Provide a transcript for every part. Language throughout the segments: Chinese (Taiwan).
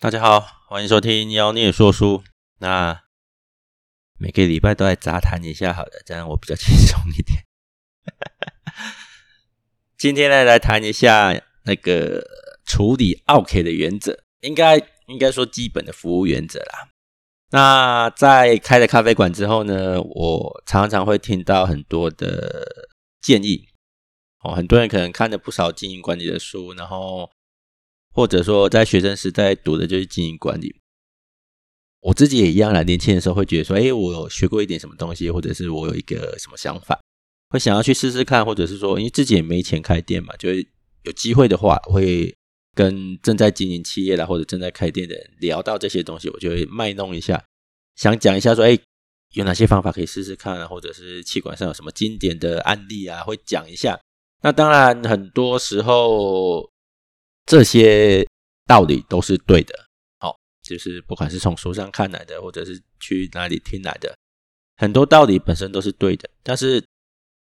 大家好，歡迎收聽妖孽說書。那每個禮拜都來雜談一下，好的，這樣我比較輕鬆一點。 今天呢，來談一下那個處理奧客的原則，應該應該說基本的服務原則啦。那在開了咖啡館之後呢，我常常會聽到很多的建議。哦，很多人可能看了不少經營管理的書，然後，或者說，在學生時代讀的就是經營管理，我自己也一樣啦。年輕的時候會覺得說，誒、欸，我有學過一點什麼東西，或者是我有一個什麼想法，會想要去試試看，或者是說，因為自己也沒錢開店嘛，就是有機會的話，會跟正在經營企業啦，或者正在開店的人聊到這些東西，我就會賣弄一下，想講一下說，誒、欸，有哪些方法可以試試看，或者是企管上有什麼經典的案例啊，會講一下。那當然，很多時候。這些道理都是對的，好、哦，就是不管是從書上看來的，或者是去哪裡聽來的，很多道理本身都是對的。但是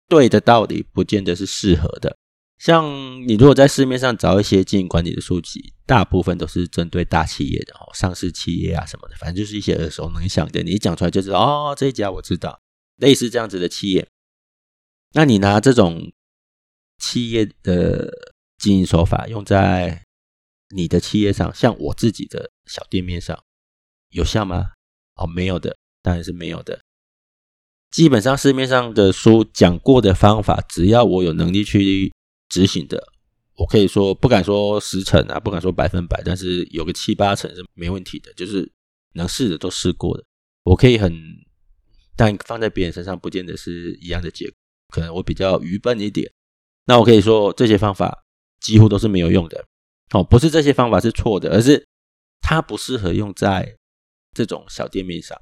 對的道理不見得是適合的。像你如果在市面上找一些經營管理的書籍，大部分都是針對大企業的哦，上市企業啊什麼的，反正就是一些耳熟能詳的。你一講出來就知道，哦，這家我知道，類似這樣子的企業。那你拿這種企業的。經營手法用在你的企業上，像我自己的小店面上有效嗎？哦，沒有的，當然是沒有的。基本上市面上的書講過的方法，只要我有能力去執行的，我可以說不敢說十成啊，不敢說百分百，但是有個七八成是沒問題的，就是能試的都試過了。我可以很，但放在別人身上不見得是一樣的結果，可能我比較愚笨一點。那我可以說這些方法。幾乎都是沒有用的哦，不是這些方法是錯的，而是它不適合用在這種小店面上。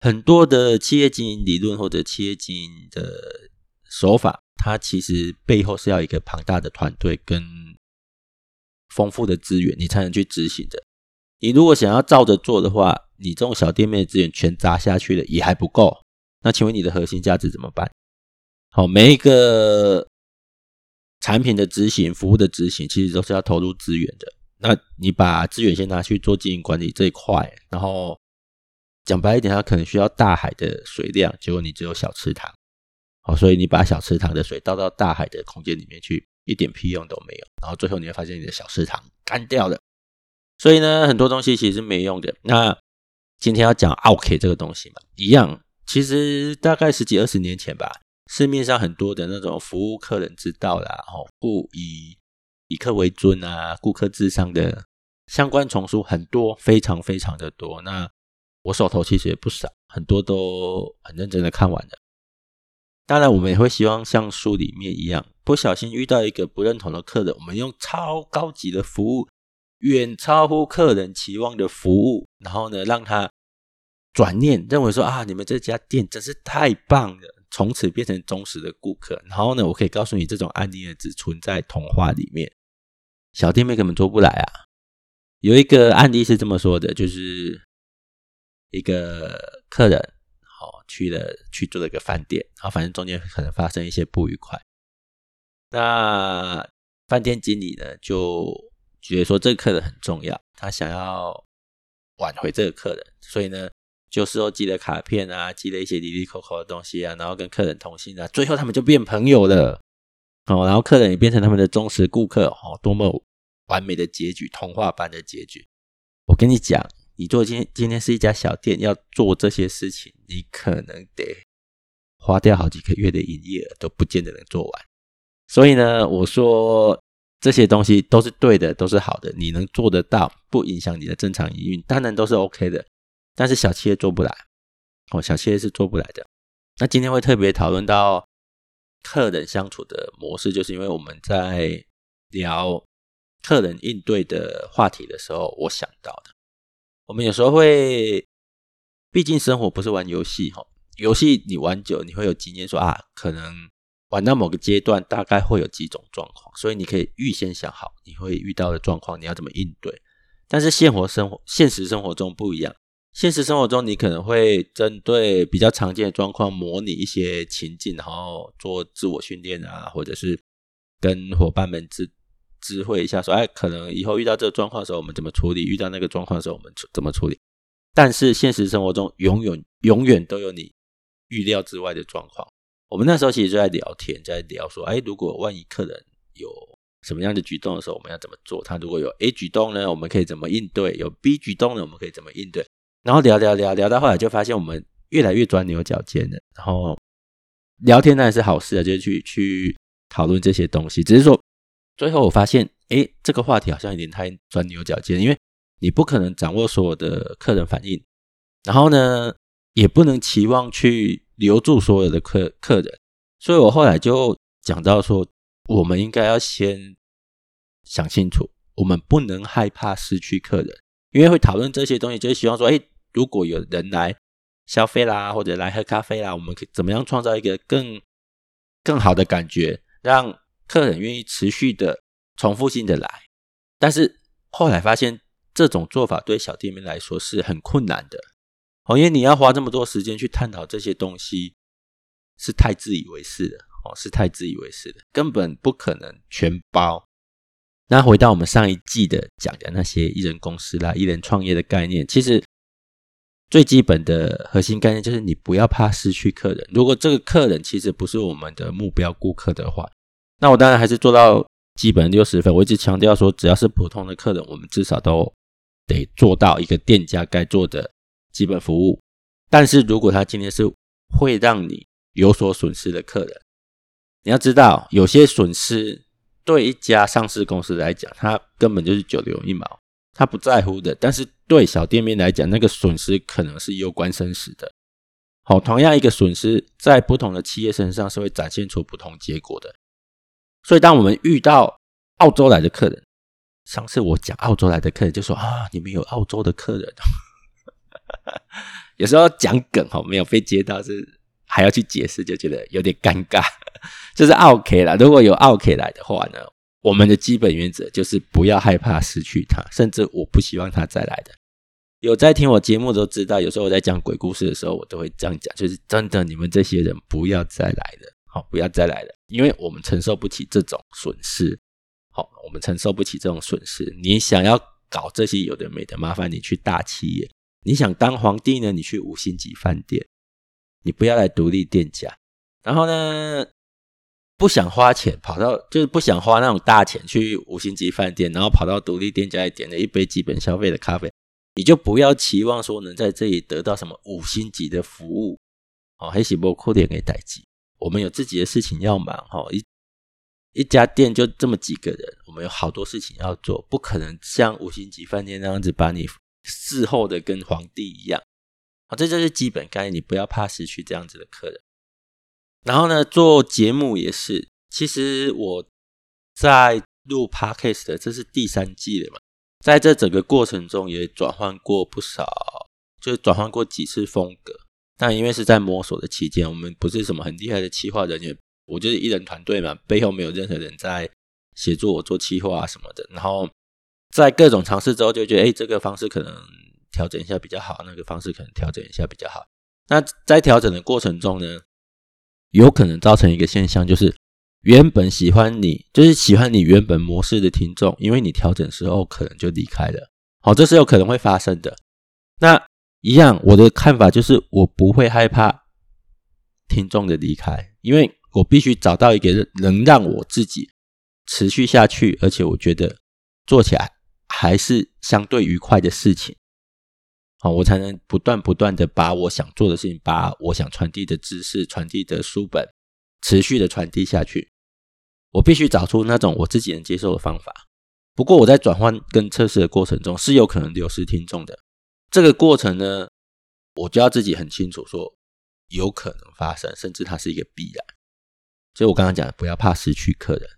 很多的企業經營理論或者企業經營的手法，它其實背後是要一個龐大的團隊跟豐富的資源，你才能去執行的。你如果想要照着做的話，你這種小店面的資源全砸下去了，也還不夠。那請問你的核心價值怎麼辦？好，每一個。產品的執行、服務的執行，其實都是要投入資源的。那你把資源先拿去做經營管理這一塊，然後講白一點，它可能需要大海的水量，結果你只有小池塘，哦，所以你把小池塘的水倒到大海的空間裡面去，一點屁用都沒有。然後最後你會發現你的小池塘乾掉了。所以呢，很多東西其實是沒用的。那今天要講奧客這個東西嘛，一樣，其實大概十幾二十年前吧。市面上很多的那種服務客人之道啦，吼，不以以客為尊啊，顧客至上的相關叢書很多，非常非常的多。那我手頭其實也不少，很多都很認真的看完了。當然，我們也會希望像書裡面一樣，不小心遇到一個不認同的客人，我們用超高級的服務，遠超乎客人期望的服務，然後呢，讓他轉念認為說啊，你們這家店真是太棒了。從此變成忠實的顧客，然後呢，我可以告訴你，這種案例呢，只存在童話裡面，小店面根本做不來啊。有一個案例是這麼說的，就是一個客人，好，去了，去做了一個飯店，然後反正中間可能發生一些不愉快，那飯店經理呢就覺得說，這個客人很重要，他想要挽回這個客人，所以呢。有時候寄了卡片啊，寄了一些零零口口的東西啊，然後跟客人通信啊，最後他們就變朋友了，哦，然後客人也變成他們的忠實顧客，哦，多麼完美的結局，童話般的結局。我跟你講，你做今天今天是一家小店，要做這些事情，你可能得花掉好幾個月的營業額都不見得能做完。所以呢，我說這些東西都是對的，都是好的，你能做得到，不影響你的正常營運，當然都是 OK 的。但是小企業做不來，哦，小企業是做不來的。那今天會特別討論到客人相處的模式，就是因為我們在聊客人應對的話題的時候，我想到的。我們有時候會，畢竟生活不是玩遊戲哈，遊戲你玩久你會有經驗，說啊，可能玩到某個階段，大概會有幾種狀況，所以你可以預先想好你會遇到的狀況，你要怎麼應對。但是現活生活、現實生活中不一樣。現實生活中，你可能會針對比較常見的狀況模擬一些情境，然後做自我訓練啊，或者是跟夥伴們知知會一下，說：“哎，可能以後遇到這個狀況的時候，我們怎麼處理？遇到那個狀況的時候，我們怎麼處理？”但是現實生活中永，永遠永遠都有你預料之外的狀況。我們那時候其實就在聊天，在聊說：“哎，如果萬一客人有什麼樣的舉動的時候，我們要怎麼做？他如果有 A 舉動呢，我們可以怎麼應對？有 B 舉動呢，我們可以怎麼應對？”然後聊聊聊聊到後來，就發現我們越來越鑽牛角尖了。然後聊天當然是好事啊，就是，去去討論這些東西。只是說，最後我發現，哎，這個話題好像有點太鑽牛角尖，因為你不可能掌握所有的客人反應，然後呢，也不能期望去留住所有的客客人。所以我後來就講到說，我們應該要先想清楚，我們不能害怕失去客人，因為會討論這些東西，就是希望說，哎。如果有人來消費啦，或者來喝咖啡啦，我們可以怎麼樣創造一個更更好的感覺，讓客人願意持續的重複性的來？但是後來發現這種做法對小店面來說是很困難的。因為你要花這麼多時間去探討這些東西，是太自以為是的哦，是太自以為是的，根本不可能全包。那回到我們上一季的講的那些一人公司啦、一人創業的概念，其實。最基本的核心概念就是，你不要怕失去客人。如果這個客人其實不是我們的目標顧客的話，那我當然還是做到基本六十分。我一直強調說，只要是普通的客人，我們至少都得做到一個店家該做的基本服務。但是如果他今天是會讓你有所損失的客人，你要知道，有些損失對一家上市公司來講，它根本就是九牛一毛。他不在乎的，但是對小店面來講，那個損失可能是攸關生死的。好，同樣一個損失，在不同的企業身上是會展現出不同結果的。所以，當我們遇到澳洲來的客人，上次我講澳洲來的客人就說啊，你們有澳洲的客人， 有時候講梗哈，沒有被接到是還要去解釋，就覺得有點尷尬。這、就是 o、OK、K 啦，如果有奧客來的話呢？我們的基本原則就是不要害怕失去他，甚至我不希望他再來的。有在聽我節目都知道，有時候我在講鬼故事的時候，我都會這樣講，就是真的，你們這些人不要再來了，好，不要再來了，因為我們承受不起這種損失。好，我們承受不起這種損失。你想要搞這些有的沒的，麻煩你去大企業。你想當皇帝呢，你去五星級飯店。你不要來獨立店家。然後呢，不想花錢跑到，就是不想花那種大錢去五星級飯店，然後跑到獨立店家裡點了一杯基本消費的咖啡，你就不要期望說能在這裡得到什麼五星級的服務。哦，黑是不扣點給代誌，我們有自己的事情要忙。哈、哦，一一家店就這麼幾個人，我們有好多事情要做，不可能像五星級飯店那樣子把你伺候的跟皇帝一樣。好、哦，這就是基本概念，你不要怕失去這樣子的客人。然後呢，做節目也是，其實我在錄 Podcast 的，這是第三季了嘛，在這整個過程中也轉換過不少，就轉換過幾次風格。但因為是在摸索的期間，我們不是什麼很厲害的企劃人員，我就是一人團隊嘛，背後沒有任何人在協助我做企劃啊什麼的。然後在各種嘗試之後，就覺得哎，這個方式可能調整一下比較好，那個方式可能調整一下比較好。那在調整的過程中呢，有可能造成一個現象，就是原本喜歡你，就是喜歡你原本模式的聽眾，因為你調整的時候，可能就離開了。好，這是有可能會發生的。那一樣，我的看法就是，我不會害怕聽眾的離開，因為我必須找到一個能讓我自己持續下去，而且我覺得做起來還是相對愉快的事情。我才能不斷不斷的把我想做的事情，把我想傳遞的知識、傳遞的書本，持續的傳遞下去。我必須找出那種我自己能接受的方法。不過我在轉換跟測試的過程中，是有可能流失聽眾的。這個過程呢，我就要自己很清楚說，說有可能發生，甚至它是一個必然。所以我剛剛講的，不要怕失去客人。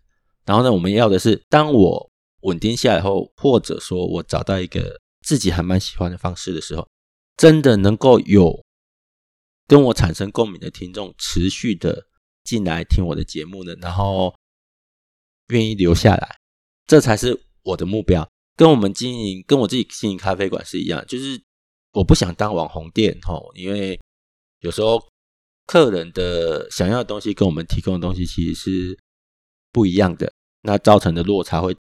然後呢，我們要的是，當我穩定下來後，或者說我找到一個。自己還蠻喜歡的方式的時候，真的能夠有跟我產生共鳴的聽眾持續的進來聽我的節目呢，然後願意留下來，這才是我的目標。跟我們經營，跟我自己經營咖啡館是一樣，就是我不想當網紅店吼，因為有時候客人的想要的東西跟我們提供的東西其實是不一樣的，那造成的落差會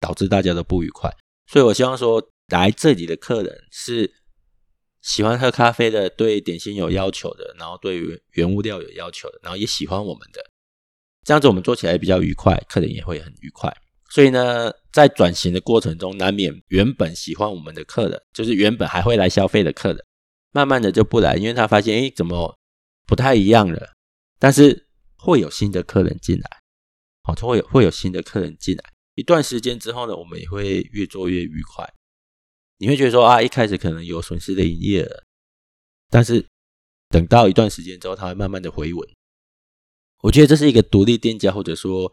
導致大家都不愉快，所以我希望說。來這裡的客人是喜歡喝咖啡的，對點心有要求的，然後對於原物料有要求的，然後也喜歡我們的。這樣子我們做起來比較愉快，客人也會很愉快。所以呢，在轉型的過程中，難免原本喜歡我們的客人，就是原本還會來消費的客人，慢慢的就不來，因為他發現，哎，怎麼不太一樣了。但是會有新的客人進來，哦，就會有會有新的客人進來。一段時間之後呢，我們也會越做越愉快。你會覺得說啊，一開始可能有損失的營業額，但是等到一段時間之後，它會慢慢的回穩。我覺得這是一個獨立店家或者說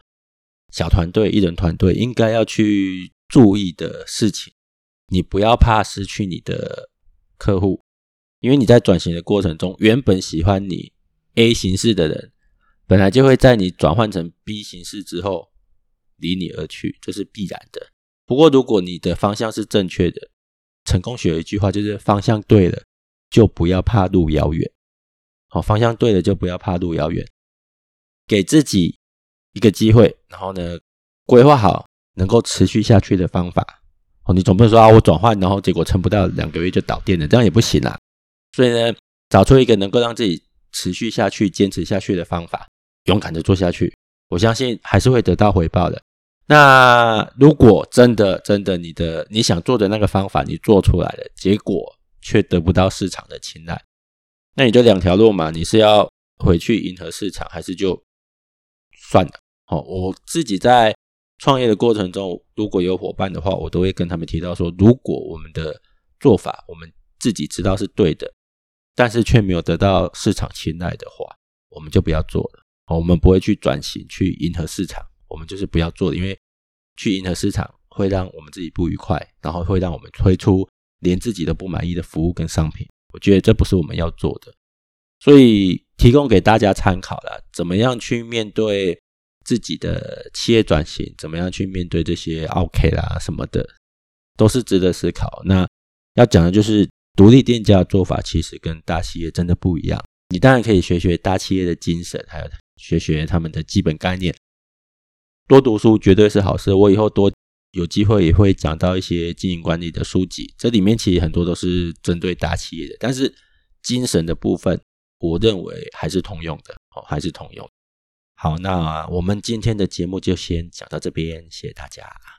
小團隊、一人團隊應該要去注意的事情。你不要怕失去你的客戶，因為你在轉型的過程中，原本喜歡你 A 形式的人，本來就會在你轉換成 B 形式之後離你而去，這是必然的。不過如果你的方向是正確的，成功學有一句話，就是方向對了，就不要怕路遙遠。好，方向對了，就不要怕路遙遠。給自己一個機會，然後呢，規劃好能夠持續下去的方法。哦，你總不能說啊，我轉換，然後結果撐不到兩個月就倒店了，這樣也不行啊。所以呢，找出一個能夠讓自己持續下去、堅持下去的方法，勇敢的做下去，我相信還是會得到回報的。那如果真的真的，你的你想做的那個方法，你做出來了，結果卻得不到市場的青睞，那你就兩條路嘛，你是要回去迎合市場，還是就算了？哦，我自己在創業的過程中，如果有伙伴的話，我都會跟他們提到說，如果我們的做法我們自己知道是對的，但是卻沒有得到市場青睞的話，我們就不要做了，我們不會去轉型去迎合市場。我們就是不要做的，因為去迎合市場會讓我們自己不愉快，然後會讓我們推出連自己都不滿意的服務跟商品。我覺得這不是我們要做的，所以提供給大家參考啦，怎麼樣去面對自己的企業轉型，怎麼樣去面對這些奧客啦什麼的，都是值得思考。那要講的就是獨立店家的做法其實跟大企業真的不一樣，你當然可以學學大企業的精神，還有學學他們的基本概念。多讀書絕對是好事。我以後多有機會也會講到一些經營管理的書籍，這裡面其實很多都是針對大企業的，但是精神的部分，我認為還是通用的哦，還是通用的。好，那我們今天的節目就先講到這邊，謝謝大家。